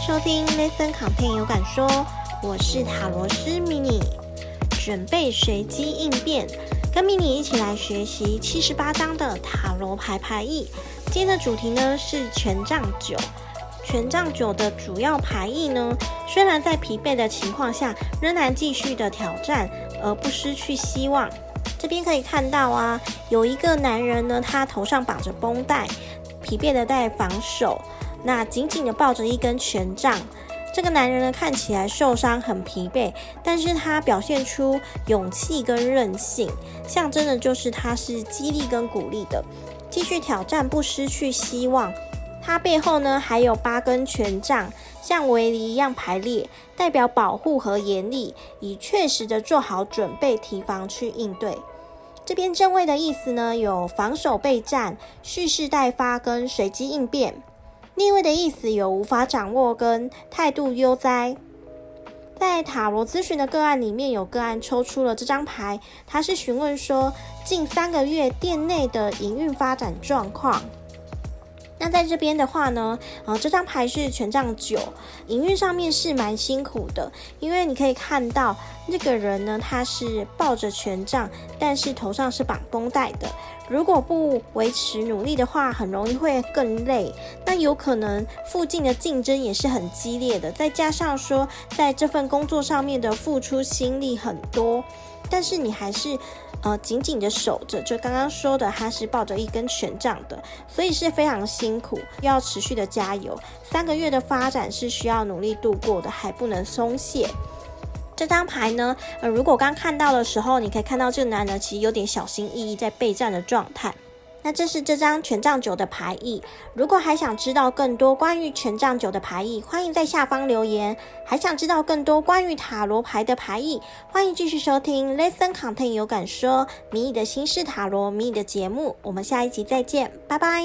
收聽 Listen Content 有感說，我是塔羅師 mini，準備隨機應變，跟 mini 一起來學習七十八張的塔羅牌牌意。今天的主題呢是權杖九，權杖九的主要牌意呢，雖然在疲憊的情況下，仍然繼續的挑戰，而不失去希望。這邊可以看到啊，有一個男人呢，他頭上綁着繃帶，疲憊的在防守。那緊緊的抱着一根權杖，這個男人呢，看起來受傷很疲憊，但是他表現出勇氣跟韌性，象徵的就是他是激勵跟鼓勵的，繼續挑戰不失去希望。他背後呢還有八根權杖，像圍籬一樣排列，代表保護和嚴厲，以確實的做好準備提防去應對。這邊正位的意思呢，有防守備戰、蓄勢待發跟隨機應變。逆位的意思有無法掌握跟態度悠哉。在塔羅諮詢的個案裡面，有個案抽出了這張牌，他是詢問說，近三個月店內的營運發展狀況。那在這邊的話呢，呃、啊，這張牌是權杖九，營運上面是蠻辛苦的，因為你可以看到那個人呢，他是抱着權杖，但是頭上是綁繃帶的。如果不維持努力的話，很容易會更累。那有可能附近的競爭也是很激烈的，再加上說，在這份工作上面的付出心力很多，但是你還是，呃、啊，緊緊的守着，就剛剛說的，他是抱着一根權杖的，所以是非常辛。辛苦，又要持續的加油。三個月的發展是需要努力度過的，還不能鬆懈。這張牌呢，呃，如果剛看到的時候，你可以看到這男呢，其實有點小心翼翼在備戰的狀態。那這是這張權杖九的牌意。如果還想知道更多關於權杖九的牌意，歡迎在下方留言。還想知道更多關於塔羅牌的牌意，歡迎繼續收聽《Listen Content 有感說迷你的心事塔羅迷你》的節目。我們下一集再見，拜拜。